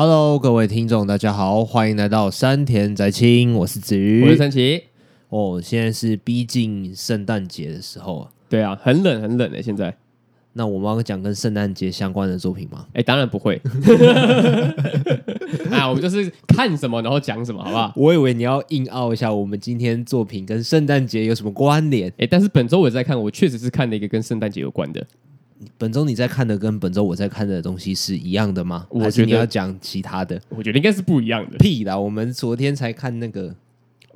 Hello，各位聽眾，大家好，歡迎來到山田宅青，我是子瑜，我是神奇。哦，現在是逼近聖誕節的時候啊。對啊，很冷，很冷誒，現在。那我們要講跟聖誕節相關的作品嗎？哎，當然不會、 啊。我們就是看什麼，然後講什麼，好不好？我以為你要硬拗一下，我們今天作品跟聖誕節有什麼關聯？哎，但是本周我在看，我確實是看了一個跟聖誕節有關的。本周你在看的跟本周我在看的東西是一樣的嗎？還是你要講其他的？我覺得應該是不一樣的。屁啦！我們昨天才看那個，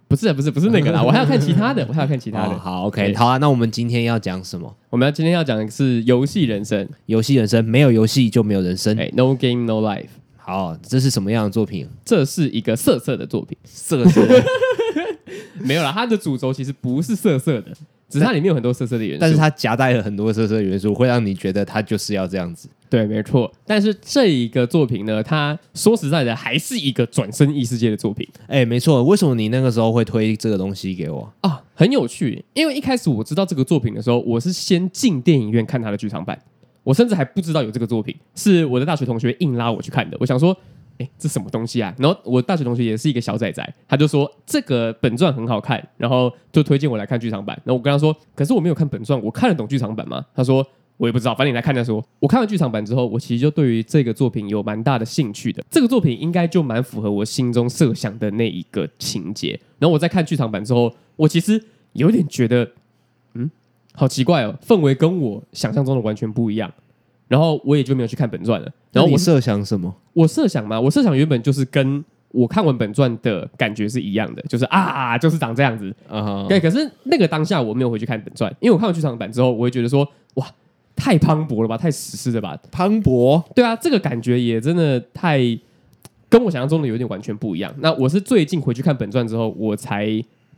不是、啊、不是不是那個啦、啊！ 我還要看其他的，我還要看其他的。哦、好，OK，好啊。那我們今天要講什麼？我們今天要講的是《遊戲人生》。《遊戲人生》，沒有遊戲就沒有人生。哎，No game, no life。好、啊，這是什麼樣的作品？這是一個色色的作品。色色的 沒有啦。它的主軸其實不是色色的。只是它裡面有很多色色的元素，但是它夾帶了很多色色的元素，會讓你覺得它就是要這樣子。對，沒錯。但是這一個作品呢，它說實在的，還是一個轉生異世界的作品。誒，沒錯。為什麼你那個時候會推這個東西給我啊？很有趣，因為一開始我知道這個作品的時候，我是先進電影院看它的劇場版，我甚至還不知道有這個作品，是我的大學同學硬拉我去看的。我想說。哎，這什麼東西啊？然後我大學同學也是一個小宅宅，他就說這個本傳很好看，然後就推薦我來看劇場版。然後我跟他說，可是我沒有看本傳，我看得懂劇場版嗎？他說我也不知道，反正你來看再說。我看了劇場版之後，我其實就對於這個作品有蠻大的興趣的。這個作品應該就蠻符合我心中設想的那一個情節。然後我在看劇場版之後，我其實有點覺得，嗯，好奇怪哦，氛圍跟我想象中的完全不一樣。然後我也就沒有去看本傳了。然後我設想什麼？我設想嘛，我設想原本就是跟我看完本傳的感覺是一樣的，就是啊，就是長這樣子。對、uh -huh.，可是那個當下我沒有回去看本傳，因為我看完劇場版之後，我會覺得說，哇，太磅礴了吧，太史詩了吧，磅礴。對啊，這個感覺也真的太，跟我想象中的有點完全不一樣。那我是最近回去看本傳之後，我才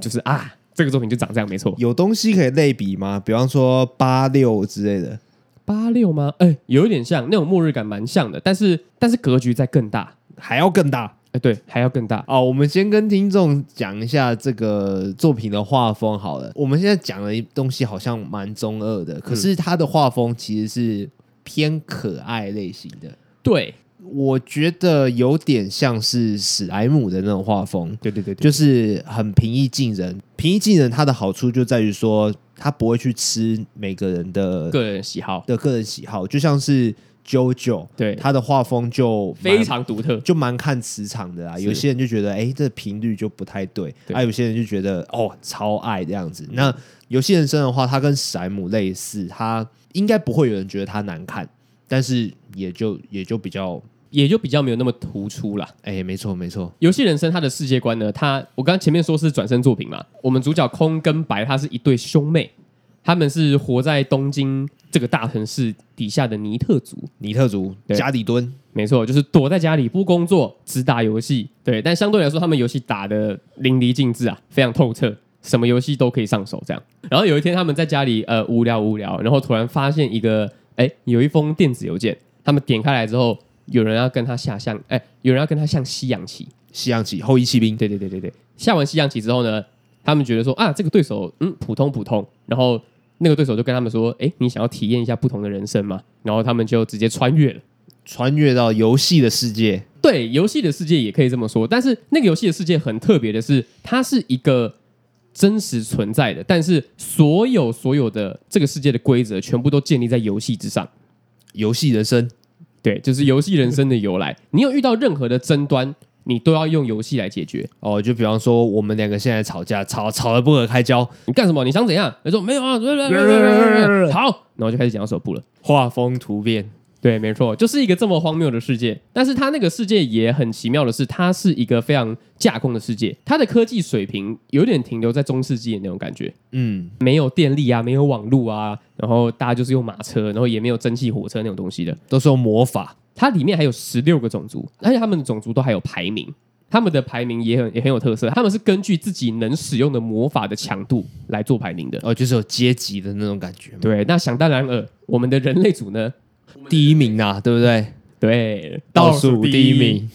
就是啊，這個作品就長這樣，沒錯。有東西可以類比嗎？比方說八六之類的。八六嗎？哎，有一點像那種末日感，蠻像的。但是，但是格局再更大，還要更大。哎，對，還要更大。哦，我們先跟聽眾講一下這個作品的畫風好了。我們現在講的東西好像蠻中二的，可是它的畫風其實是偏可愛類型的。對、嗯，我覺得有點像是史萊姆的那種畫風。對對對，對，對，就是很平易近人。平易近人，它的好處就在於說，他不會去吃每個人的個人喜好的個人喜好，就像是 JoJo 對他的畫風就非常獨特，就蠻看磁場的啊。有些人就覺得哎，這頻率就不太對，而有些人就覺得哦，超愛這樣子。那遊戲人生的話，它跟史萊姆類似，它應該不會有人覺得它難看，但是也就也就比較。也就比較沒有那麼突出了。哎、欸，沒錯沒錯。遊戲人生它的世界觀呢，它我剛前面說是轉生作品嘛。我們主角空跟白，他是一對兄妹，他們是活在東京這個大城市底下的尼特族。尼特族，對家裡蹲，沒錯，就是躲在家裡不工作，只打遊戲。對，但相對來說，他們遊戲打得淋漓盡致啊，非常透徹，什麼遊戲都可以上手這樣。然後有一天，他們在家裡呃無聊無聊，然後突然發現一個哎、欸，有一封電子郵件。他們點開來之後。有人要跟他下象，哎、欸，有人要跟他下西洋棋，西洋棋，後翼棄兵，對對對對對。下完西洋棋之後呢？他們覺得說啊這個對手嗯普通普通，然後那個對手就跟他們說，哎、欸，你想要體驗一下不同的人生嗎？然後他們就直接穿越了，穿越到遊戲的世界。對，遊戲的世界也可以這麼說，但是那個遊戲的世界很特別的是，它是一個真實存在的，但是所有所有的這個世界的規則全部都建立在遊戲之上，遊戲人生。對，就是遊戲人生的由來。你有遇到任何的爭端，你都要用遊戲來解決哦。就比方說，我們兩個現在吵架，吵吵得不可開交，你幹什麼？你想怎樣？他說沒有啊，沒有沒有沒有沒有。好，那我就開始講到手部了，畫風突變。對，沒錯，就是一個這麼荒謬的世界。但是它那個世界也很奇妙的是，它是一個非常架空的世界。它的科技水平有點停留在中世紀的那種感覺，嗯，沒有電力啊，沒有網路啊，然後大家就是用馬車，然後也沒有蒸汽火車那種東西的，都是用魔法。它裡面還有十六個種族，而且他們的種族都還有排名，他們的排名也很也很有特色。他們是根據自己能使用的魔法的強度來做排名的。哦，就是有階級的那種感覺。對，那想當然了，我們的人類組呢？第一名啊，對不對？對，倒數第一名。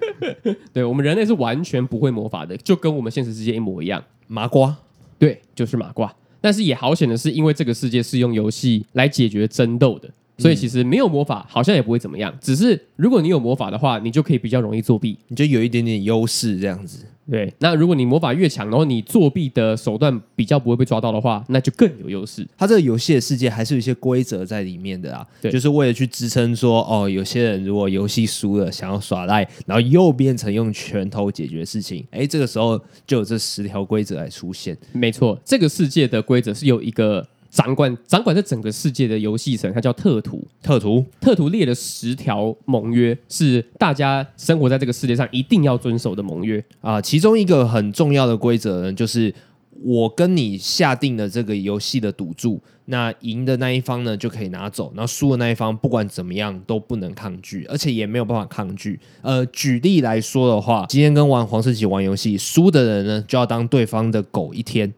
對，我們人類是完全不會魔法的，就跟我們現實世界一模一樣。麻瓜，對，就是麻瓜。但是也好險的是，因為這個世界是用遊戲來解決爭鬥的。所以其實沒有魔法，好像也不會怎麼樣。嗯、只是如果你有魔法的話，你就可以比較容易作弊，你就有一點點優勢這樣子。對，那如果你魔法越強，然後你作弊的手段比較不會被抓到的話，那就更有優勢。它這個遊戲的世界還是有一些規則在裡面的啊，對，就是為了去支撐說，哦，有些人如果遊戲輸了想要耍賴，然後又變成用拳頭解決事情，誒、欸，這個時候就有這十條規則來出現。嗯、沒錯，這個世界的規則是有一個。掌管掌管這整個世界的遊戲神，它，叫特圖。特圖特圖列了十條盟約，是大家生活在這個世界上一定要遵守的盟約啊、呃。其中一個很重要的規則呢，就是我跟你下定了這個遊戲的賭注，那贏的那一方呢就可以拿走，那輸的那一方不管怎麼樣都不能抗拒，而且也沒有辦法抗拒。呃，舉例來說的話，今天跟王黃世奇玩遊戲，輸的人呢就要當對方的狗一天。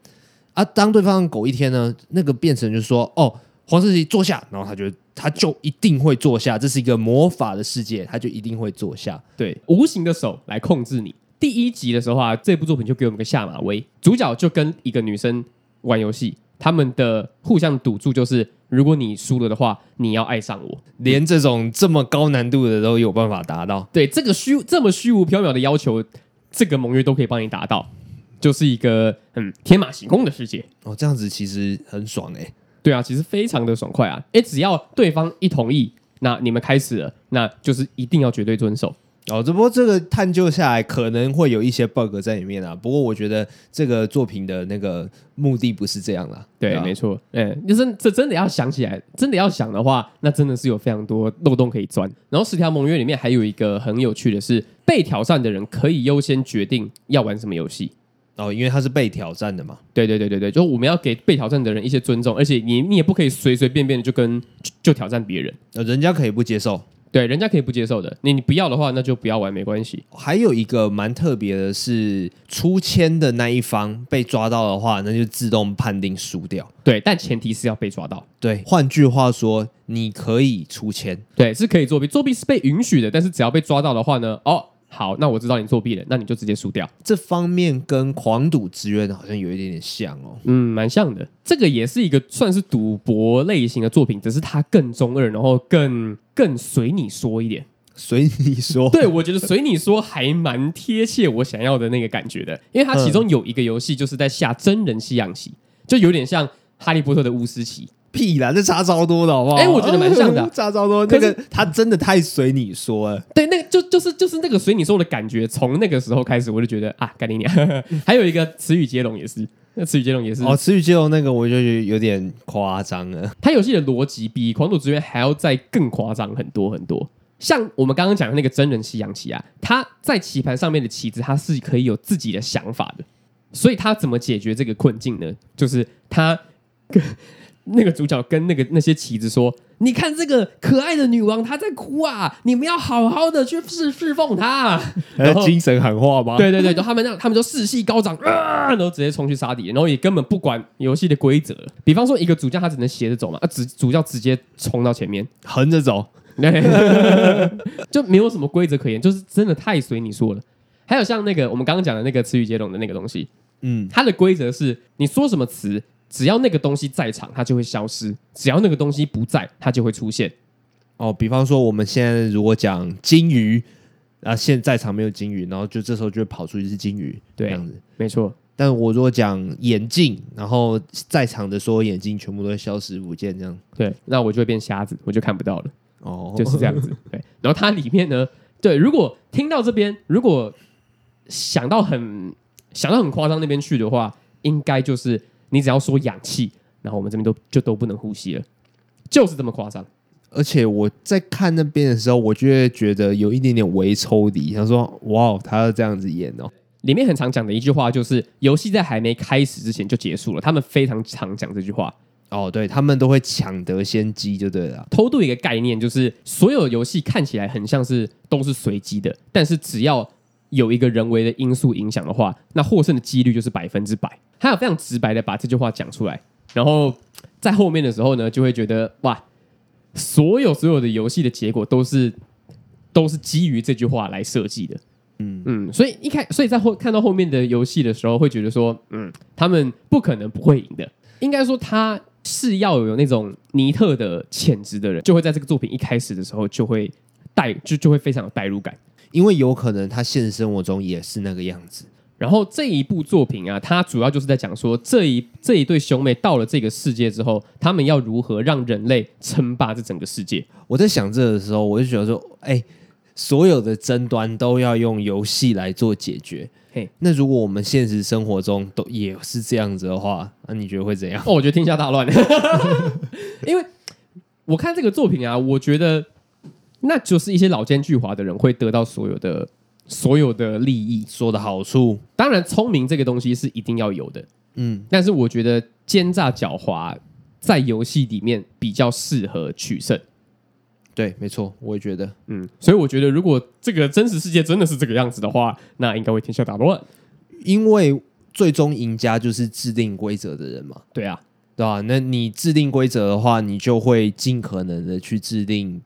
他當對方狗一天呢，那個變成就是說哦，黃世吉坐下，然後他就他就一定會坐下，這是一個魔法的世界，他就一定會坐下，對，無形的手來控制你。第一集的時候啊，這部作品就給我們個下馬威，主角就跟一個女生玩遊戲，他們的互相賭注就是，如果你輸了的話，你要愛上我，連這種這麼高難度的都有辦法達到。嗯。對，這個虛這麼虛無縹緲的要求，這個盟約都可以幫你達到。就是一個嗯天馬行空的世界哦，這樣子其實很爽誒、欸，對啊，其實非常的爽快啊，誒、欸，只要對方一同意，那你們開始了，那就是一定要絕對遵守哦。只不過這個探究下來，可能會有一些 bug 在裡面啊。不過我覺得這個作品的那個目的不是這樣啦、啊啊，對，沒錯，誒、欸，就是這真的要想起來，真的要想的話，那真的是有非常多漏洞可以鑽。然後十條盟約裡面還有一個很有趣的是，被挑戰的人可以優先決定要玩什麼遊戲。哦，因為他是被挑戰的嘛。對對對對對，就是我們要給被挑戰的人一些尊重，而且你你也不可以隨隨便便，便就跟就，就挑戰別人，呃，人家可以不接受。對，人家可以不接受的。你你不要的話，那就不要玩，沒關係。還有一個蠻特別的是，出千的那一方被抓到的話，那就自動判定輸掉。對，但前提是要被抓到。對，換句話說，你可以出千。對，是可以作弊，作弊是被允許的，但是只要被抓到的話呢，哦。好，那我知道你作弊了，那你就直接輸掉。這方面跟《狂賭之淵》好像有一點點像哦，嗯，蠻像的。這個也是一個算是賭博類型的作品，只是它更中二，然後更更隨你說一點，隨你說。 對，我覺得隨你說還蠻貼切我想要的那個感覺的，因為它其中有一個遊戲就是在下真人西洋棋，就有點像《哈利波特》的巫師棋。屁啦，這差超多的，好不好？哎，我覺得蠻像的。啊嗯，差超多。那個他真的太隨你說了，了對，那個就就是就是那個隨你說的感覺。從那個時候開始，我就覺得啊，幹你娘。還有一個詞語接龍也是，那詞語接龍也是哦。詞語接龍那個我就有點誇張了。它遊戲的邏輯比《狂賭之淵》還要再更誇張很多很多。像我們剛剛講的那個真人西洋棋啊，它在棋盤上面的棋子它是可以有自己的想法的，所以它怎麼解決這個困境呢？就是它。那個主角跟那個那些棋子說：“你看這個可愛的女王，她在哭啊！你們要好好的去侍侍奉她。然後”要精神喊話嗎？對對對，就他們那他們就士氣高漲然後直接衝去殺敵，然後也根本不管遊戲的規則。比方說，一個主教，他只能斜着走嘛，啊，只主主教直接衝到前面橫着走， 就沒有什麼規則可言，就是真的太隨你說了。還有像那個我們剛剛講的那個詞語接龍的那個東西，嗯，它的規則是你說什麼詞。只要那個東西在場，它就會消失；只要那個東西不在，它就會出現。哦，比方說我們現在如果講金魚，啊，現在在場沒有金魚，然後就這時候就會跑出一隻金魚，對，這樣子沒錯。但我如果講眼鏡，然後在場的時候，眼鏡全部都會消失不見，這樣對，那我就會變瞎子，我就看不到了。哦，就是這樣子。對，然後它裡面呢，對，如果聽到這邊，如果想到很想到很誇張那邊去的話，應該就是。你只要說氧氣，然後我們這邊都就都不能呼吸了，就是這麼誇張。而且我在看那邊的時候，我就會覺得有一點點微抽離，想說哇，他要這樣子演哦。裡面很常講的一句話就是，遊戲在還沒開始之前就結束了。他們非常常講這句話哦，對他們都會搶得先機就對了。偷渡一個概念就是，所有遊戲看起來很像是都是隨機的，但是只要。有一個人為的因素影響的話，那獲勝的幾率就是百分之百。他有非常直白的把這句話講出來，然後在後面的時候呢，就會覺得哇，所有所有的遊戲的結果都是都是基於這句話來設計的。嗯嗯，所以一開，所以在後看到後面的遊戲的時候，會覺得說，嗯，他們不可能不會贏的。應該說他是要有那種尼特的潛質的人，就會在這個作品一開始的時候就會帶，就就會非常有代入感。因為有可能他現實生活中也是那個樣子。然後這一部作品啊，它主要就是在講說，這一這一對兄妹到了這個世界之後，他們要如何讓人類稱霸這整個世界？我在想這個的時候，我就覺得說，哎、欸，所有的爭端都要用遊戲來做解決。嘿，那如果我們現實生活中都也是這樣子的話，那、啊、你覺得會怎樣？哦，我覺得天下大亂。 因為我看這個作品啊，我覺得。那就是一些老奸巨猾的人會得到所有的、所有的利益、所有的好處。當然，聰明這個東西是一定要有的，嗯。但是我覺得奸詐狡猾在遊戲裡面比較適合取勝。對，沒錯，我也覺得，嗯。所以我覺得，如果這個真實世界真的是這個樣子的話，那應該會天下大亂，因為最終贏家就是制定規則的人嘛。對啊，對吧，啊？那你制定規則的話，你就會盡可能的去制定。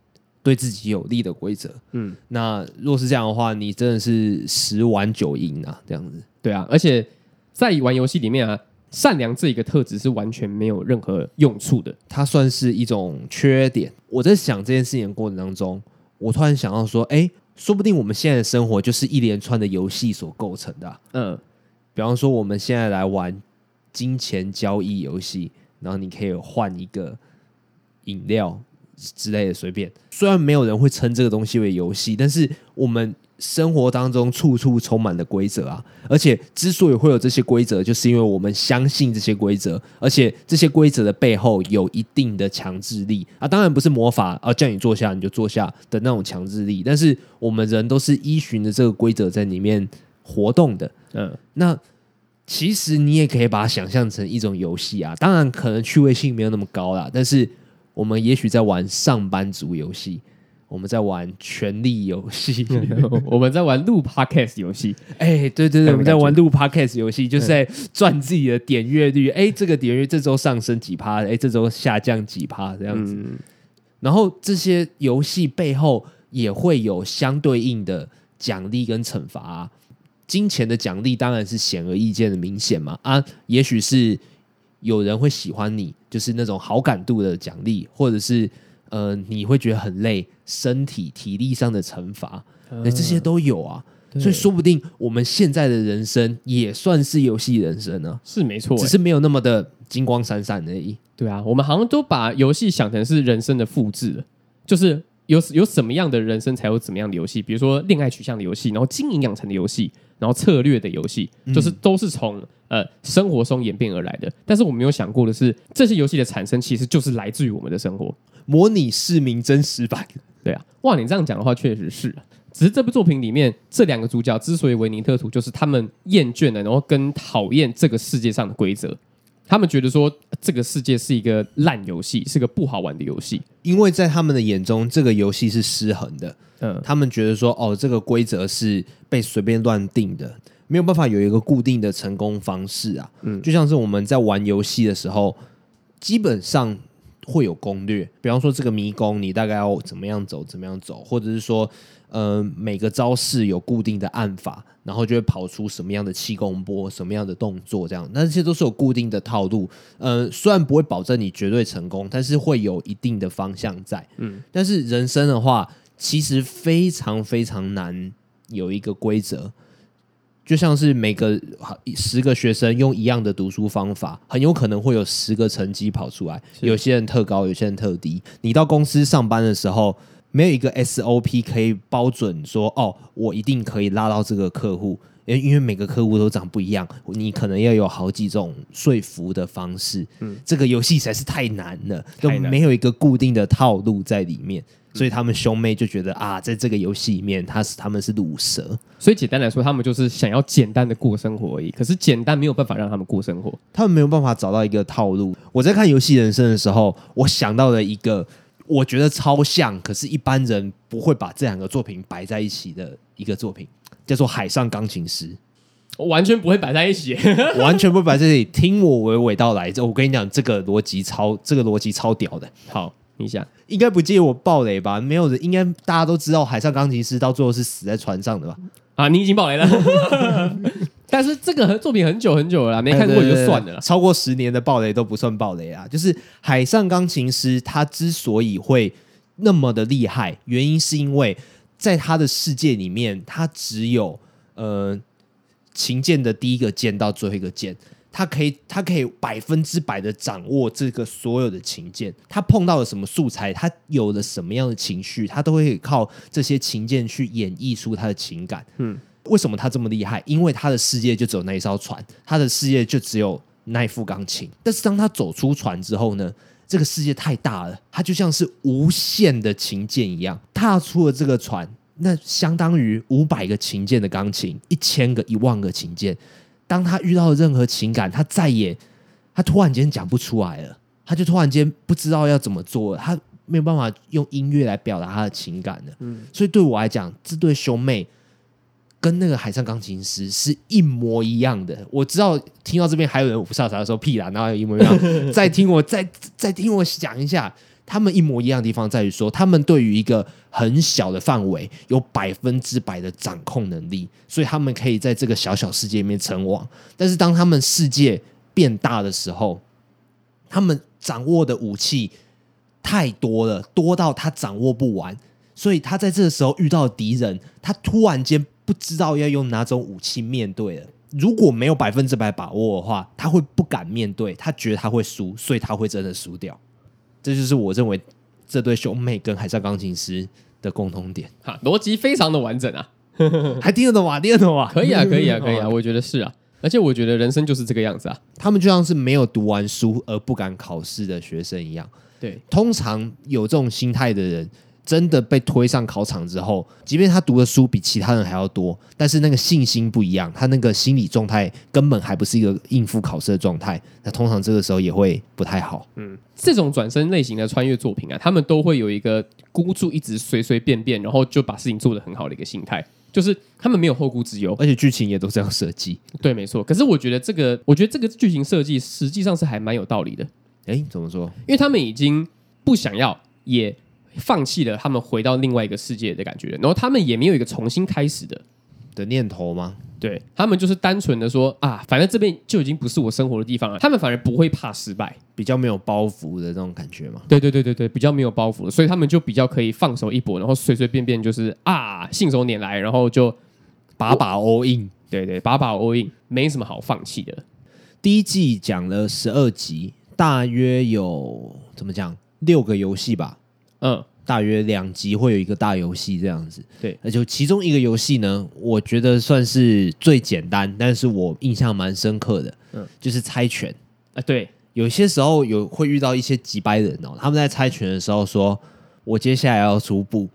對自己有利的規則，嗯，那若是這樣的話，你真的是十玩九贏啊，這樣子，對啊。而且在玩遊戲裡面啊，善良這一個特質是完全沒有任何用處的，它算是一種缺點。我在想這件事情的過程當中，我突然想到說，誒、欸，說不定我們現在的生活就是一連串的遊戲所構成的啊，嗯。比方說，我們現在來玩金錢交易遊戲，然後你可以換一個飲料。之類的隨便，雖然沒有人會稱這個東西為遊戲，但是我們生活當中處處充滿了規則啊。而且之所以會有這些規則，就是因為我們相信這些規則，而且這些規則的背後有一定的強制力啊。當然不是魔法，啊，叫你坐下你就坐下的那種強制力。但是我們人都是依循著這個規則在裡面活動的。嗯，那其實你也可以把它想象成一種遊戲啊。當然可能趣味性沒有那麼高啦，但是。我們也許在玩上班族遊戲，我們在玩權力遊戲， 我們在玩錄 podcast 遊戲。哎、 欸，對對對，對，我們在玩錄 podcast 遊戲，就是在賺自己的點閱率。哎、嗯欸，這個點閱這周上升幾趴，哎、欸，這周下降幾趴這樣子。嗯、然後這些遊戲背後也會有相對應的獎勵跟懲罰、啊。金錢的獎勵當然是顯而易見的，明顯嘛。啊，也許是。有人會喜歡你，就是那種好感度的獎勵，或者是呃，你會覺得很累，身體體力上的懲罰，嗯、這些都有啊。所以說不定我們現在的人生也算是遊戲人生呢、啊，是沒錯、欸，只是沒有那麼的金光閃閃而已。對啊，我們好像都把遊戲想成是人生的複製，就是有有什麼樣的人生才有怎麼樣的遊戲，比如說戀愛取向的遊戲，然後經營養成的遊戲。然後策略的遊戲，就是都是從、嗯、呃，生活中演變而來的。但是我沒有想過的是，這些遊戲的產生其實就是來自於我們的生活。模擬市民真實版，對啊，哇，你這樣講的話確實是啊。只是這部作品裡面這兩個主角之所以為尼特圖，就是他們厭倦了，然後跟討厭這個世界上的規則。他們覺得說這個世界是一個爛遊戲，是個不好玩的遊戲，因為在他們的眼中，這個遊戲是失衡的。嗯，他們覺得說，哦，這個規則是被隨便亂定的，沒有辦法有一個固定的成功方式啊。嗯，就像是我們在玩遊戲的時候，基本上會有攻略，比方說這個迷宮，你大概要怎麼樣走，怎麼樣走，或者是說，嗯、呃，每個招式有固定的按法，然後就會跑出什麼樣的氣功波，什麼樣的動作，這樣。那這些都是有固定的套路。嗯、呃，雖然不會保證你絕對成功，但是會有一定的方向在。嗯，但是人生的話，其實非常非常難有一個規則。就像是每個十個學生用一樣的讀書方法，很有可能會有十個成績跑出來。有些人特高，有些人特低。你到公司上班的時候。沒有一個 SOP 可以包準說哦，我一定可以拉到這個客戶，因因為每個客戶都長不一樣，你可能要有好幾種說服的方式。嗯，這個遊戲實在是太難了太難，都沒有一個固定的套路在裡面，嗯、所以他們兄妹就覺得啊，在這個遊戲裡面，他是他們是魯蛇。所以簡單來說，他們就是想要簡單的過生活而已。可是簡單沒有辦法讓他們過生活，他們沒有辦法找到一個套路。我在看《遊戲人生》的時候，我想到了一個。我覺得超像，可是一般人不會把這兩個作品擺在一起的一個作品，叫做《海上鋼琴師》。我完全不會擺在一起， 完全不會擺在一起。聽我娓娓道來，這我跟你講，這個邏輯超，這個邏輯超屌的。好，你想應該不介意我爆雷吧？沒有人，應該大家都知道，《海上鋼琴師》到最後是死在船上的吧？啊，你已經爆雷了。 但是這個作品很久很久了，沒看過也就算了。哎對對對對。超過十年的暴雷都不算暴雷啊！就是《海上鋼琴師》，他之所以會那麼的厲害，原因是因為在他的世界裡面，他只有呃琴鍵的第一個鍵到最後一個鍵，他可以他可以百分之百的掌握這個所有的琴鍵。他碰到了什麼素材，他有了什麼樣的情緒，他都會靠這些琴鍵去演繹出他的情感。嗯。為什麼他這麼厲害？因為他的世界就只有那一艘船，他的世界就只有那一副鋼琴。但是當他走出船之後呢？這個世界太大了，他就像是無限的琴鍵一樣。踏出了這個船，那相當於五百個琴鍵的鋼琴，一千個、一萬個琴鍵。當他遇到任何情感，他再也，他突然間講不出來了，他就突然間不知道要怎麼做了，他沒有辦法用音樂來表達他的情感了。嗯，所以對我來講，這對兄妹。跟那個海上鋼琴師是一模一樣的。我知道聽到這邊還有人不曉得啥的時候，屁啦，然後一模一樣。 再聽我再再聽我講一下，他們一模一樣的地方在於說，他們對於一個很小的範圍有百分之百的掌控能力，所以他們可以在這個小小世界裡面稱王。但是當他們世界變大的時候，他們掌握的武器太多了，多到他掌握不完，所以他在這個時候遇到敵人，他突然間。不知道要用哪種武器面對了。如果沒有百分之百把握的話，他會不敢面對。他覺得他會輸，所以他會真的輸掉。這就是我認為這對兄妹跟海上鋼琴師的共同點。哈，邏輯非常的完整啊！還聽得懂嗎？聽得懂嗎？可以啊，可以啊，可以啊！我覺得是啊。而且我覺得人生就是這個樣子啊。他們就像是沒有讀完書而不敢考試的學生一樣。對，通常有這種心態的人。真的被推上考場之後，即便他讀的書比其他人還要多，但是那個信心不一樣，他那個心理狀態根本還不是一個應付考試的狀態。那通常這個時候也會不太好。嗯，這種轉生類型的穿越作品啊，他們都會有一個孤注一擲、隨隨便便，然後就把事情做得很好的一個心態，就是他們沒有後顧之憂，而且劇情也都這樣設計。對，沒錯。可是我覺得這個，我覺得這個劇情設計實際上是還蠻有道理的。誒，怎麼說？因為他們已經不想要也。放棄了他們回到另外一個世界的感覺，然後他們也沒有一個重新開始的的念頭嗎？對，他們就是單純的說啊，反正這邊就已經不是我生活的地方了。他們反而不會怕失敗，比較沒有包袱的那種感覺嘛。對對對對對，比較沒有包袱，所以他們就比較可以放手一搏，然後隨隨便便就是啊，信手拈來，然後就把把 all in。對對，把把 all in，沒什麼好放棄的。第一季講了十二集，大約有怎麼講六個遊戲吧。嗯，大約兩集會有一個大遊戲這樣子。對，那就其中一個遊戲呢，我覺得算是最簡單，但是我印象蠻深刻的。嗯，就是猜拳啊。對，有些時候有會遇到一些機掰人哦、喔，他們在猜拳的時候說：“我接下來要出布。”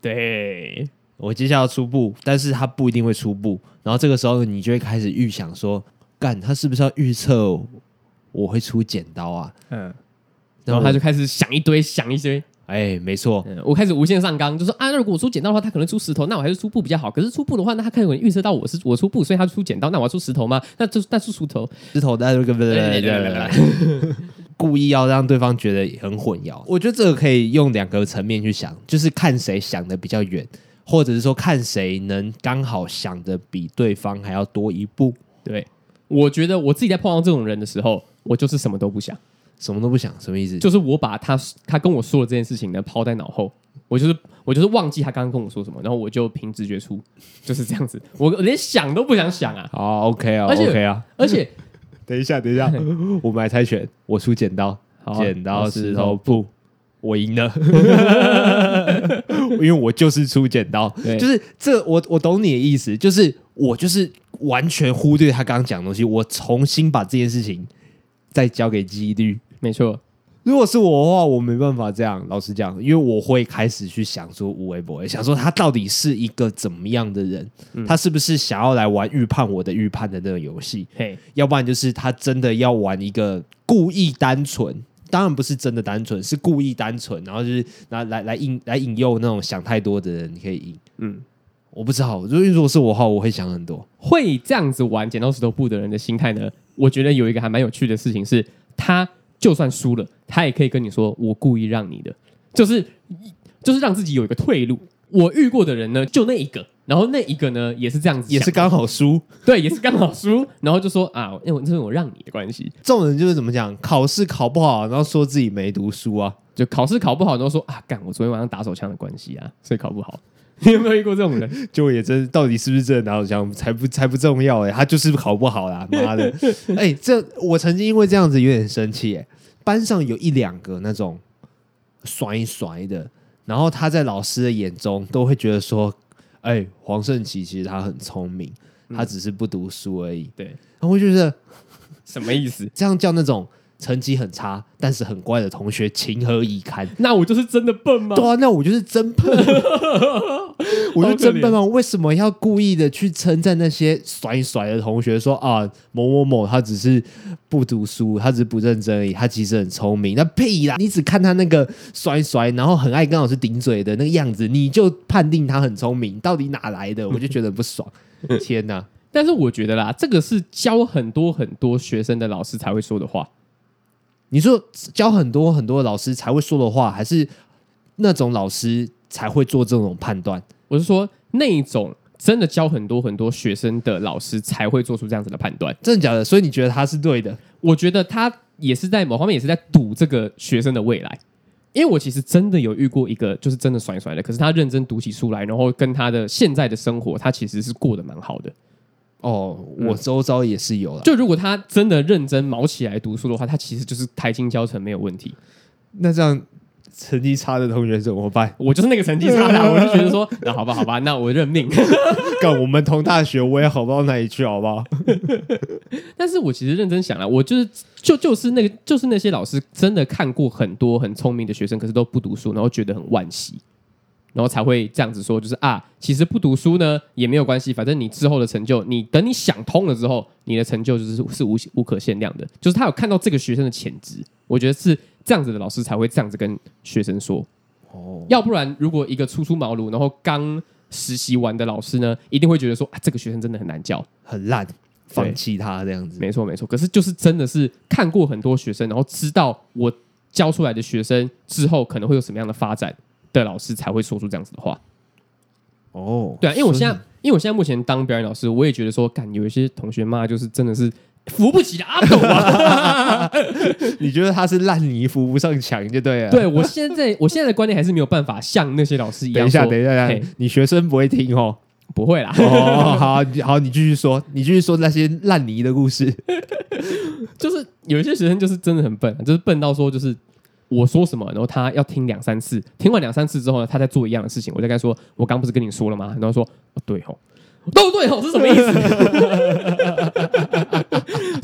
對，我接下來要出布，但是他不一定會出布。然後這個時候你就會開始預想說：“幹，他是不是要預測我會出剪刀啊？”嗯然，然後他就開始想一堆，想一堆。哎，沒錯。嗯，我開始無限上綱，就說啊，如果我出剪刀的話，他可能出石頭，那我還是出布比較好。可是出布的話，那他可能預測到我是我出布，所以他出剪刀，那我要出石頭嗎？那就那出石頭，石頭的，那不 故意要讓對方覺得很混淆。 我覺得這個可以用兩個層面去想，就是看誰想的比較遠，或者是說看誰能剛好想的比對方還要多一步。對，我覺得我自己在碰到這種人的時候，我就是什麼都不想。什麼都不想，什麼意思？就是我把他他跟我說的這件事情呢，拋在腦後，我就是我就是忘記他剛剛跟我說什麼，然後我就憑直覺出，就是這樣子，我連想都不想想啊。好，OK 啊，OK 啊，而且、okay 啊，而且，而且等一下，等一下， 我們來猜拳，我出剪刀，好啊，剪刀，哦，石頭布，我贏了， 因為我就是出剪刀，對，就是這個，我我懂你的意思，就是我就是完全忽略他剛剛講的東西，我重新把這件事情再交給幾率。沒錯，如果是我的話，我沒辦法這樣。老實講，因為我會開始去想說吳微博，想說他到底是一個怎麼樣的人，嗯、他是不是想要來玩預判我的預判的那個遊戲？嘿，要不然就是他真的要玩一個故意單純，當然不是真的單純，是故意單純，然後就是拿來來引來引誘那種想太多的人，你可以引。嗯，我不知道，如果是我的話，我會想很多，會這樣子玩剪刀石頭布的人的心態呢？我覺得有一個還蠻有趣的事情是，他。就算輸了，他也可以跟你說：“我故意讓你的，就是就是讓自己有一個退路。”我遇過的人呢，就那一個，然後那一個呢，也是這樣子，也是剛好輸，對，也是剛好輸， 然後就說：“啊，因為這是我讓你的關係。”這種人就是怎麼講，考試考不好，然後說自己沒讀書啊，就考試考不好，然後說啊，幹，我昨天晚上打手槍的關係啊，所以考不好。 你有沒有遇過這種人？就 也真到底是不是真的哪？然後像才不才不重要哎、欸，他就是考不好啦，媽的！哎、 欸，這我曾經因為這樣子有點生氣、欸。班上有一兩個那種甩一甩的，然後他在老師的眼中都會覺得說：“哎、欸，黃勝琪其實他很聰明，他只是不讀書而已。嗯，然後就是”對，我會覺得什麼意思？這樣叫那種成績很差但是很乖的同學情何以堪？那我就是真的笨嗎？對啊，那我就是真笨。 我說真的嗎？為什麼要故意的去稱讚那些甩一甩的同學？說啊某某某，他只是不讀書，他只是不認真而已。他其實很聰明。那屁啦！你只看他那個甩一甩，然後很愛跟老師頂嘴的那個樣子，你就判定他很聰明。到底哪來的？我就覺得不爽。天哪！但是我覺得啦，這個是教很多很多學生的老師才會說的話。你說教很多很多老師才會說的話，還是那種老師？才會做這種判斷，我是說那一種真的教很多很多學生的老師才會做出這樣子的判斷，真的假的？所以你覺得他是對的？我覺得他也是在某方面也是在賭這個學生的未來，因為我其實真的有遇過一個就是真的甩甩的，可是他認真讀起書來，然後跟他的現在的生活，他其實是過得蠻好的。哦，我周遭也是有、嗯，就如果他真的認真卯起來讀書的話，他其實就是台清交成沒有問題。那這樣。成績差的同學怎麼辦？我就是那個成績差的、啊，我就覺得說，那好吧，好吧，那我認命。幹， 我們同大學，我也好不到哪裡去，好不好？ 但是我其實認真想了，我就是就就是那個，就是那些老師真的看過很多很聰明的學生，可是都不讀書，然後覺得很惋惜，然後才會這樣子說，就是啊，其實不讀書呢也沒有關係，反正你之後的成就，你等你想通了之後，你的成就就是是無無可限量的。就是他有看到這個學生的潛質，我覺得是。這樣子的老師才會這樣子跟學生說，哦，要不然如果一個初出，出茅廬，然後剛實習完的老師呢，一定會覺得說啊，這個學生真的很難教，很爛，很爛，放棄他這樣子。沒錯，沒錯。可是就是真的是看過很多學生，然後知道我教出來的學生之後可能會有什麼樣的發展的老師才會說出這樣子的話。哦，對啊，因為我現在，因為我現在目前當表演老師，我也覺得說，幹有一些同學嘛，就是真的是。扶不起的阿斗啊！ 你覺得他是爛泥扶不上牆就對了。對，我現在我現在的觀念還是沒有辦法像那些老師一樣。等一下，等一下，等一下，你學生不會聽哦？不會啦。哦，好，好，好，你繼續說，你繼續說那些爛泥的故事。就是有一些學生就是真的很笨，就是笨到說就是我說什麼，然後他要聽兩三次，聽完兩三次之後呢，他再做一樣的事情，我就跟他說，我剛剛不是跟你說了嗎？然後說哦對哦，都、哦對，哦、對哦，是什麼意思？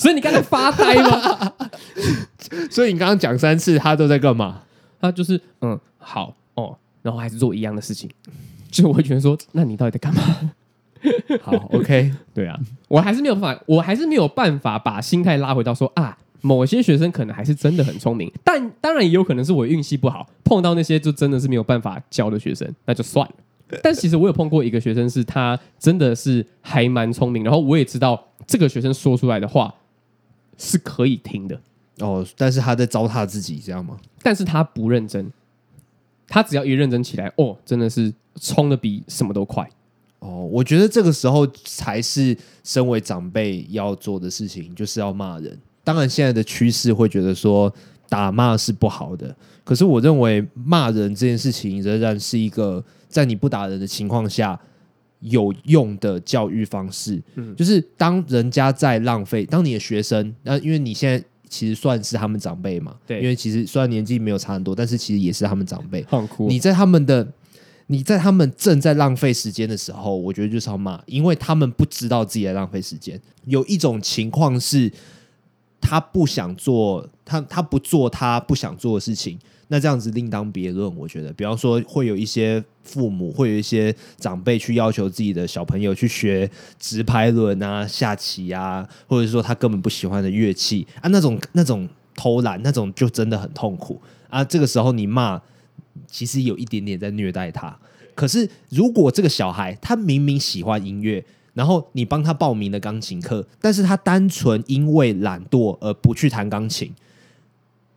所以你剛才發呆嗎？ 所以你剛剛講三次，他都在幹嘛？他就是嗯，好哦、嗯，然後還是做一樣的事情。所以我會覺得說，那你到底在幹嘛？好，OK，對啊，我還是沒有辦法，我還是沒有辦法把心態拉回到說啊，某些學生可能還是真的很聰明，但當然也有可能是我運氣不好，碰到那些就真的是沒有辦法教的學生，那就算了。但其實我有碰過一個學生，是他真的是還蠻聰明，然後我也知道這個學生說出來的話。是可以聽的哦，但是他在糟蹋自己，這樣嗎？但是他不認真，他只要一認真起來，哦，真的是衝得比什麼都快哦。我覺得這個時候才是身為長輩要做的事情，就是要罵人。當然，現在的趨勢會覺得說打罵是不好的，可是我認為罵人這件事情仍然是一個在你不打人的情況下。有用的教育方式，嗯、就是當人家在浪費，當你的學生，那、啊、因為你現在其實算是他們長輩嘛，對，因為其實雖然年紀沒有差很多，但是其實也是他們長輩、哦。你在他們的，你在他們正在浪費時間的時候，我覺得就是要罵，因為他們不知道自己在浪費時間。有一種情況是，他不想做，他他不做他不想做的事情。那這樣子另當別論，我覺得，比方說會有一些父母，會有一些長輩去要求自己的小朋友去學直拍輪啊、下棋啊，或者說他根本不喜歡的樂器啊那，那種那種偷懶，那種就真的很痛苦啊。這個時候你罵，其實有一點點在虐待他。可是如果這個小孩他明明喜歡音樂，然後你幫他報名了鋼琴課，但是他單純因為懶惰而不去彈鋼琴。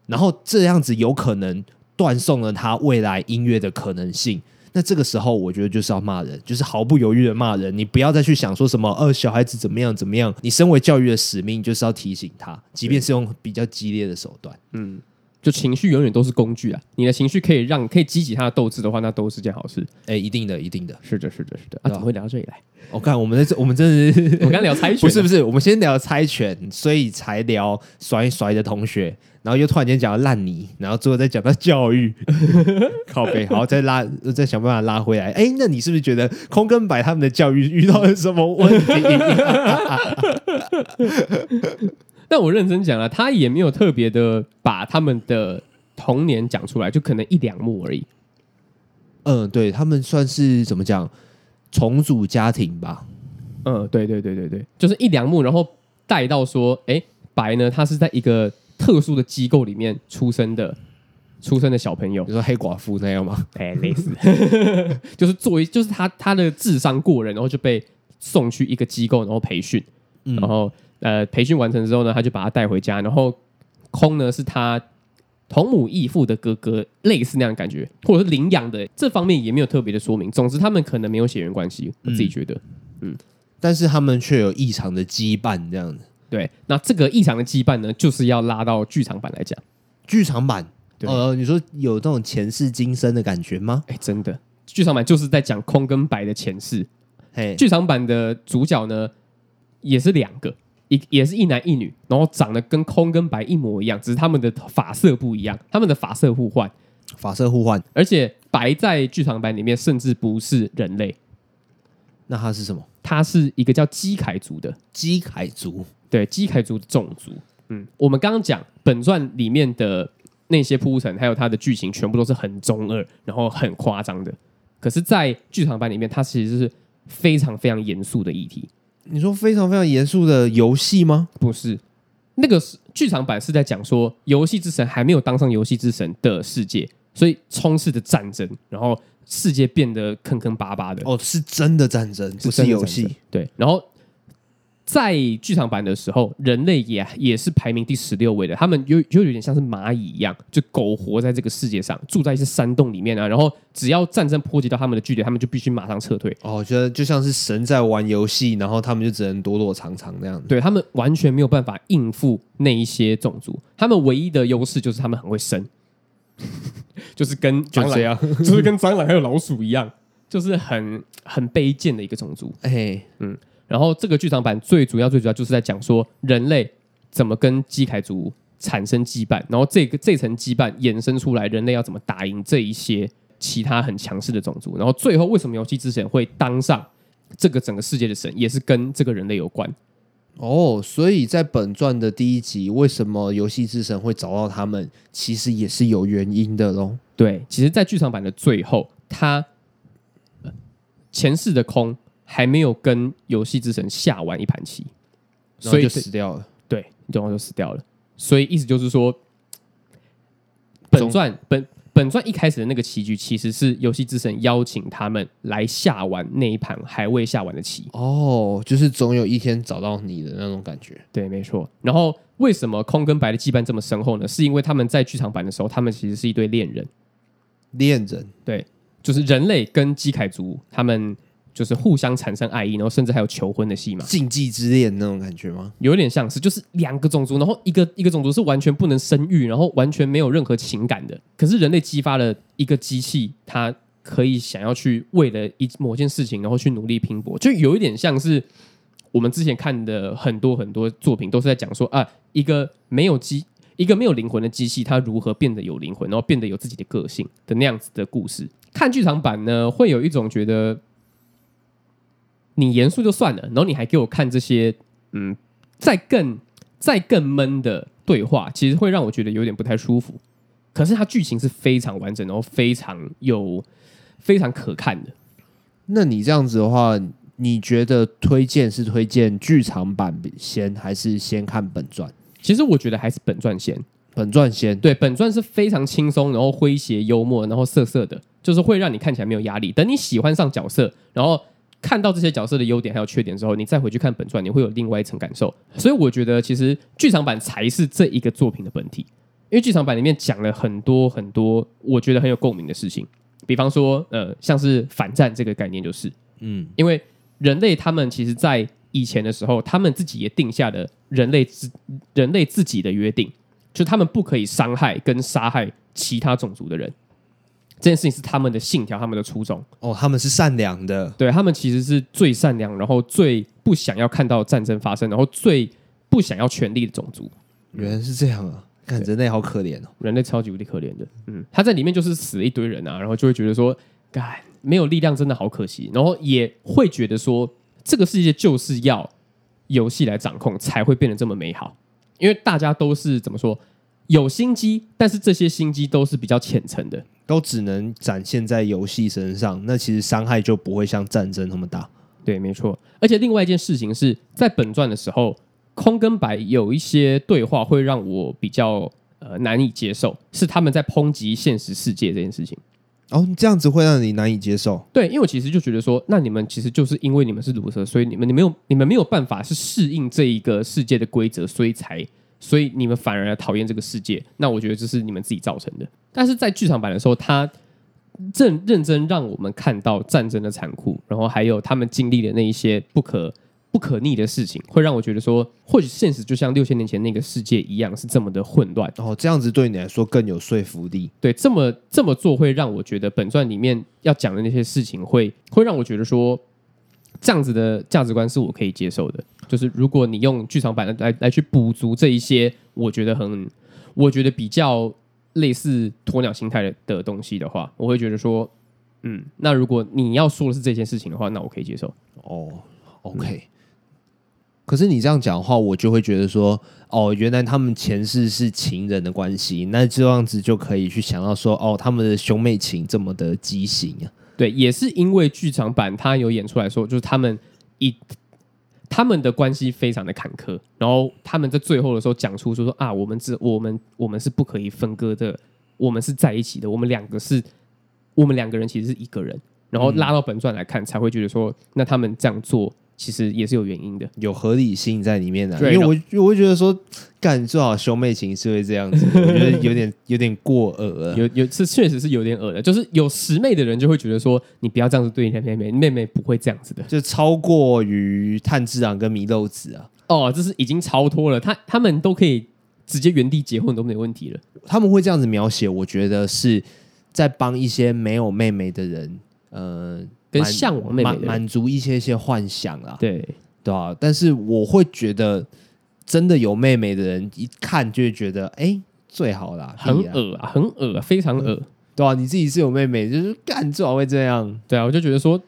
然後這樣子有可能斷送了他未來音樂的可能性。那這個時候，我覺得就是要罵人，就是毫不猶豫的罵人。你不要再去想說什麼，呃、哦，小孩子怎麼樣怎麼樣。你身為教育的使命，就是要提醒他，即便是用比較激烈的手段，Okay. 嗯。就情緒永遠都是工具啊！你的情緒可以讓可以激起他的鬥志的話，那都是件好事。哎、欸，一定的，一定的，是的，是的，是的。啊，怎麼會聊到這裡來？我、oh, 看我們這，我們這是， 我剛聊猜拳，不是不是，我們先聊猜拳，所以才聊甩一甩的同學，然後又突然間講到爛泥，然後最後再講到教育，靠北，好再拉再想辦法拉回來。哎、欸，那你是不是覺得空跟白他們的教育遇到了什麼問題？ 但我認真講啊，他也沒有特別的把他們的童年講出來，就可能一兩幕而已。嗯，對，他們算是怎麼講，重組家庭吧。嗯，對對對對對，就是一兩幕，然後帶到說，哎，白呢，他是在一個特殊的機構裡面出生的，出生的小朋友。就說黑寡婦那樣嗎？哎，類似，就是作為，就是他他的智商過人，然後就被送去一個機構，然後培訓，然後。嗯呃，培訓完成之後呢，他就把他帶回家。然後空呢是他同母異父的哥哥，類似那樣的感覺，或者是領養的。這方面也沒有特別的說明。總之，他們可能沒有血緣關係，我自己覺得。嗯，嗯，但是他們卻有異常的羈絆，這樣子。對，那這個異常的羈絆呢，就是要拉到劇場版來講。劇場版，對、呃、哦，你說有這種前世今生的感覺嗎？哎，真的，劇場版就是在講空跟白的前世。哎，劇場版的主角呢也是兩個。也是一男一女，然後長得跟空跟白一模一樣，只是他們的髮色不一樣，他們的髮色互換，髮色互換，而且白在劇場版裡面甚至不是人類。那他是什麼？他是一個叫機凱種的機凱種，對，機凱種的種族。嗯，我們剛剛講本傳裡面的那些鋪陳，還有它的劇情，全部都是很中二，然後很誇張的。可是，在劇場版裡面，它其實是非常非常嚴肅的議題。你說非常非常嚴肅的遊戲嗎？不是，那個劇場版，是在講說遊戲之神還沒有當上遊戲之神的世界，所以充斥着戰爭，然後世界變得坑坑巴巴的。哦，是真的戰爭，不是遊戲。對，然後。在劇場版的時候，人類也也是排名第十六位的。他們就就有點像是螞蟻一樣，就苟活在這個世界上，住在一些山洞裡面啊。然後只要戰爭波及到他們的據點，他們就必須馬上撤退。哦，我覺得就像是神在玩遊戲，然後他們就只能躲躲藏藏那樣。對他們完全沒有辦法應付那一些種族。他們唯一的優勢就是他們很會生， 就是跟蟑螂、啊，就是跟蟑螂還有老鼠一樣，就是很很卑賤的一個種族。哎、欸，嗯。然後這個劇場版最主要、最主要就是在講說人類怎麼跟機凱種產生羈絆，然後這個這層羈絆衍生出來，人類要怎麼打贏這一些其他很強勢的種族，然後最後為什麼遊戲之神會當上這個整個世界的神，也是跟這個人類有關哦。Oh, 所以在本傳的第一集，為什麼遊戲之神會找到他們，其實也是有原因的咯，對，其實，在劇場版的最後，他前世的空。還沒有跟遊戲之神下完一盤棋，所以就死掉了。對，然後就死掉了。所以意思就是說，本傳本本傳一開始的那個棋局，其實是遊戲之神邀請他們來下完那一盤還未下完的棋。哦，就是總有一天找到你的那種感覺。對，沒錯。然後為什麼空跟白的羈絆這麼深厚呢？是因為他們在劇場版的時候，他們其實是一對戀人。戀人，對，就是人類跟基凱族他們。就是互相產生愛意，然後甚至還有求婚的戲碼，禁忌之戀那種感覺嗎？有點像是，就是兩個種族，然後一個一個種族是完全不能生育，然後完全沒有任何情感的。可是人類激發了一個機器，它可以想要去為了一某件事情，然後去努力拼搏，就有一點像是我們之前看的很多很多作品，都是在講說啊，一個沒有機，一個沒有靈魂的機器，它如何變得有靈魂，然後變得有自己的個性的那樣子的故事。看劇場版呢，會有一種覺得。你嚴肅就算了，然後你還給我看這些，嗯，再更再更悶的對話，其實會讓我覺得有點不太舒服。可是它劇情是非常完整，然後非常有非常可看的。那你這樣子的話，你覺得推薦是推薦劇場版先，還是先看本傳？其實我覺得還是本傳先，本傳先。對，本傳是非常輕鬆，然後詼諧幽默，然後色色的，就是會讓你看起來沒有壓力。等你喜歡上角色，然後，看到這些角色的優點還有缺點之後，你再回去看本傳，你會有另外一層感受。所以我覺得，其實劇場版才是這一個作品的本體，因為劇場版裡面講了很多很多，我覺得很有共鳴的事情。比方說，呃，像是反戰這個概念，就是，嗯，因為人類他們其實，在以前的時候，他們自己也定下了人類自人類自己的約定，就他們不可以傷害跟殺害其他種族的人。這件事情是他們的信條，他們的初衷哦。他們是善良的，對，他們其實是最善良，然後最不想要看到戰爭發生，然後最不想要權力的種族。原來是這樣啊！看人類好可憐哦，人類超級無敵可憐的。嗯，他在裡面就是死了一堆人啊，然後就會覺得說，感沒有力量真的好可惜，然後也會覺得說，這個世界就是要遊戲來掌控才會變得這麼美好，因為大家都是怎麼說，有心機，但是這些心機都是比較淺層的。都只能展現在遊戲身上，那其實傷害就不會像戰爭那麼大。對，沒錯。而且另外一件事情是在本傳的時候，空跟白有一些對話會讓我比較呃難以接受，是他們在抨擊現實世界這件事情。哦，這樣子會讓你難以接受？對，因為我其實就覺得說，那你們其實就是因為你們是魯蛇，所以你們你沒有你們沒有辦法是適應這一個世界的規則，所以才。所以你們反而討厭這個世界，那我覺得這是你們自己造成的。但是在劇場版的時候，他正認真讓我們看到戰爭的殘酷，然後還有他們經歷的那一些不可不可逆的事情，會讓我覺得說，或許現實就像六千年前那個世界一樣，是這麼的混亂。然後，哦，這樣子對你來說更有說服力。對，這麼這麼做會讓我覺得本傳裡面要講的那些事情會，會會讓我覺得說，這樣子的價值觀是我可以接受的。就是如果你用劇場版的來來去補足這一些，我覺得很，我覺得比較類似鴕鳥心態的的東西的話，我會覺得說，嗯，那如果你要說的是這件事情的話，那我可以接受。哦，oh，OK，嗯。可是你這樣講的話，我就會覺得說，哦，原來他們前世是情人的關係，那這樣子就可以去想到說，哦，他們的兄妹情這麼的畸形啊。對，也是因為劇場版他有演出來說，就是他們一。他們的關係非常的坎坷，然後他們在最後的時候講出就說啊，我們是，我們我們是不可以分割的，我們是在一起的，我們兩個是，我們兩個人其實是一個人，然後拉到本傳來看才會覺得說，那他們這樣做。其實也是有原因的，有合理性在裡面的、啊。Red，因為我我覺得說，幹最好兄妹情是會這樣子， 我覺得有點有點過噁，了。有有是確實是有點噁，了就是有十妹的人就會覺得說，你不要這樣子對你家。妹妹妹，妹，妹不會這樣子的，就超過於炭治郎跟禰豆子啊。哦、oh，這是已經超脫了，他他們都可以直接原地結婚都沒問題了。他們會這樣子描寫，我覺得是在幫一些沒有妹妹的人，嗯、呃。跟像我妹妹，滿滿足一些一些幻想啦，對對啊。但是我會覺得，真的有妹妹的人一看就會覺得，哎、欸，最好啦，很噁啊，啊，很噁、啊，非常噁，對啊，你自己是有妹妹，就是幹最好會這樣，對啊，我就覺得說。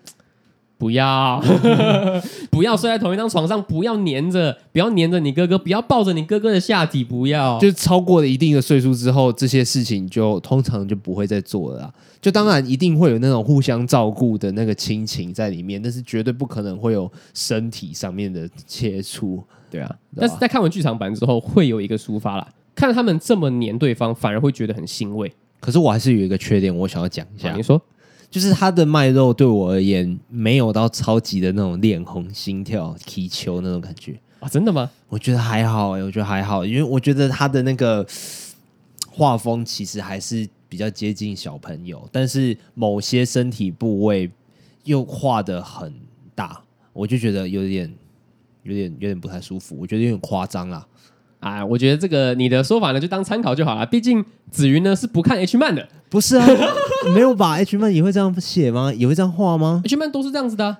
不要， 不要睡在同一張床上，不要黏着，不要黏着你哥哥，不要抱着你哥哥的下體，不要。就是超過了一定的歲數之後，這些事情就通常就不會再做了啦。就當然一定會有那種互相照顧的那個親情在裡面，但是絕對不可能會有身體上面的接觸。對啊，但是在看完劇場版之後，會有一個抒發了。看了他們這麼黏對方，反而會覺得很欣慰。可是我還是有一個缺點，我想要講一下。你說。就是他的賣肉，對我而言沒有到超級的那種臉紅心跳、氣球那種感覺啊、哦！真的嗎？我覺得還好、欸，我覺得還好，因為我覺得他的那個畫風其實還是比較接近小朋友，但是某些身體部位又畫得很大，我就覺得有點、有點、有點不太舒服，我覺得有點誇張啦。啊，我覺得這個你的說法呢，就當參考就好了。畢竟子云呢是不看 H 漫的，不是啊？沒有吧？H 漫也會這樣寫嗎？ 也會這樣畫嗎？H 漫都是這樣子的啊，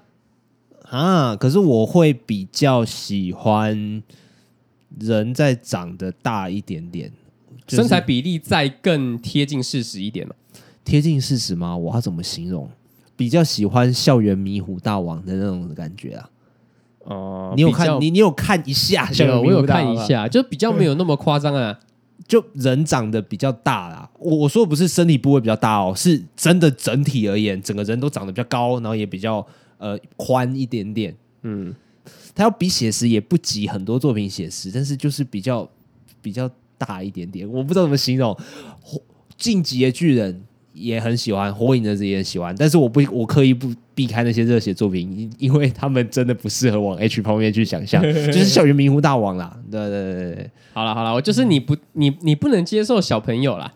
啊。可是我會比較喜歡人再長得大一點點，身材比例再更貼近事實一點了。貼近事實嗎？我要怎麼形容？比較喜歡校園迷糊大王的那種的感覺啊。哦、uh,，你有看，你你有看一下，有 yeah, 我有看一下，就比較沒有那麼誇張啊，就人長得比較大啦。我說不是身體部位比較大哦，是真的整體而言，整個人都長得比較高，然後也比較呃寬一點點。嗯，他要比寫實也不及很多作品寫實，但是就是比較比較大一點點，我不知道怎麼形容。進擊的巨人也很喜歡，火影的人也很喜歡，但是我不，我刻意不。避開那些熱血作品，因為他們真的不適合往 H 方面去想象， 就是校園迷糊大王啦。對對對對，對，好了好了，我就是你不，嗯、你你不能接受小朋友啦。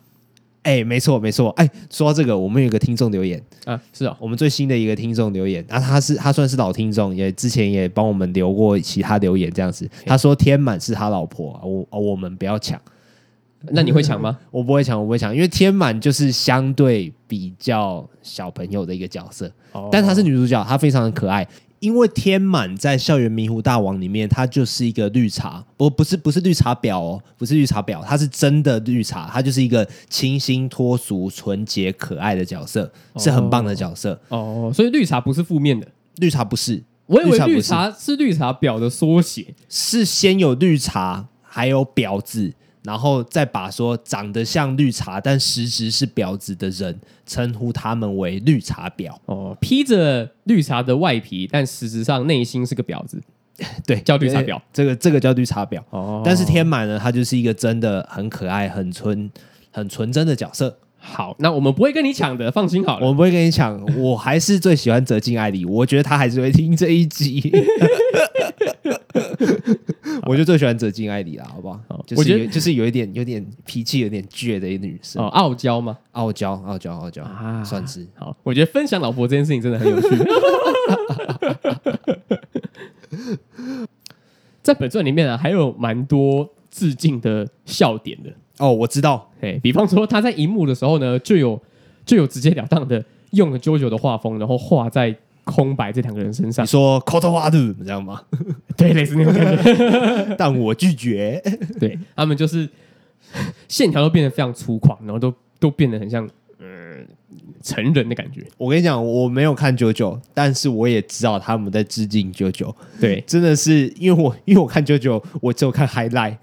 哎、欸，沒錯沒錯，哎、欸，說到這個，我們有個聽眾留言啊、嗯，是啊、喔，我們最新的一個聽眾留言，然、啊、後他是他算是老聽眾，也之前也幫我們留過其他留言這樣子。他說天滿是他老婆，嗯、我我們不要搶。那你會搶嗎？ 我會？我不會搶，我不會搶，因為天滿就是相對比較小朋友的一個角色，oh. 但她是女主角，她非常的可愛。因為天滿在《校園迷糊大王》裡面，她就是一個綠茶，不不是不是綠茶婊，不是綠茶婊、哦，她是，是真的綠茶，她就是一個清新脫俗、純潔可愛的角色，是很棒的角色。哦、oh. oh.，所以綠茶不是負面的，綠茶不是，我也以為綠茶，綠茶是，是綠茶婊的縮寫，是先有綠茶，還有婊字。然後再把說長得像綠茶但實質是婊子的人稱呼他們為綠茶婊。哦，披着綠茶的外皮，但實質上內心是個婊子，對，叫綠茶婊。欸、這個這個叫綠茶婊。哦，但是天滿呢，他就是一個真的很可愛、很純、很純真的角色。好，那我們不會跟你搶的，放心好了，我們不會跟你搶。 我還是最喜歡澤近愛理，我覺得他還是會聽這一集。 我就最喜歡澤金愛理啦，好不好？好，就是我覺得就是有一點有一點脾氣，有點倔的一女生，哦、傲嬌嗎？傲嬌，傲嬌，傲嬌啊，算是好。我覺得分享老婆這件事情真的很有趣。 在本傳裡面啊，還有蠻多致敬的笑點的哦。我知道，比方說他在熒幕的時候呢，就有就有直截了當的用了 JoJo 的畫風，然後畫在。空白這兩個人身上，你說口頭話的，你知道嗎？ 對，類似那種感覺 但我拒絕對。 對他們就是線條都變得非常粗獷，然後都都變得很像，嗯。成人的感覺，我跟你講，我沒有看九九，但是我也知道他們在致敬九九。對，真的是因為我因為我看九九，我只有看 highlight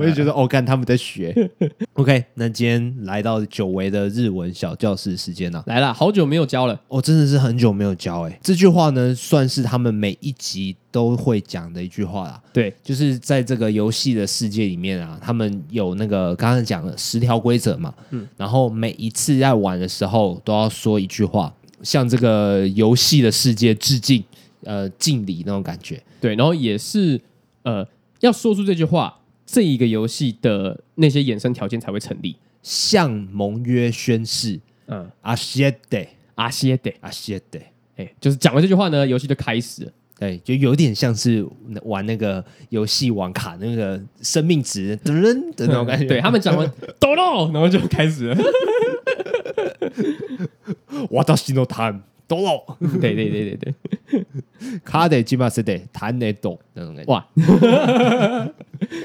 我就覺得來來哦，看他們在學。 OK，那今天來到久違的日文小教室時間了、啊。來了，好久沒有教了，我、哦、真的是很久沒有教哎、欸。這句話呢，算是他們每一集，都會講的一句話啦，對，就是在這個遊戲的世界裡面啊，他們有那個剛剛講的十條規則嘛，嗯，然後每一次在玩的時候都要說一句話，向這個遊戲的世界致敬，呃，敬禮那種感覺，對，然後也是呃，要說出這句話，這一個遊戲的那些衍生條件才會成立，向盟約宣誓，嗯，阿謝德，阿謝德，阿謝德，哎、欸，就是講完這句話呢，遊戲就開始了。對，就有點像是玩那個遊戲，玩卡那個生命值的那種感覺。對，他們講完，懂了，然後就開始了。 懂嘍，對對對對對，卡得起碼是得彈得懂那種感覺，哇，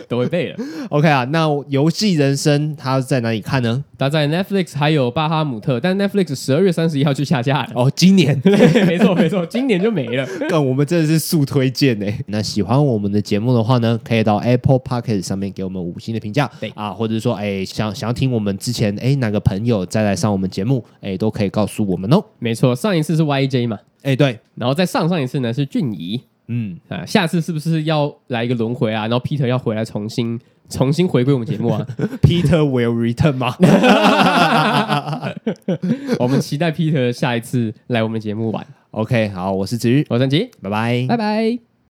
都會背了。OK 啊，那遊戲人生它是在哪裡看呢？它在 Netflix 還有巴哈姆特，但 Netflix 十二月三十一號就下架了。哦，今年 沒錯沒錯，今年就沒了。那我們真的是速推薦呢、欸。那喜歡我們的節目的話呢，可以到 Apple Podcast 上面給我們五星的評價，對啊，或者是說哎、欸、想想要聽我們之前哎、欸、哪個朋友再來上我們節目，哎、欸、都可以告訴我們哦。沒錯，上一次。這是 YJ 嘛？哎、欸，對，然後再上上一次呢是俊怡，嗯啊，下次是不是要來一個輪回啊？然後 Peter 要回來重新重新回歸我們節目啊 ？Peter will return 嗎？ 我們期待 Peter 下一次來我們節目玩。OK，好，我是子瑜，我是陳杰，拜拜，拜拜。Bye bye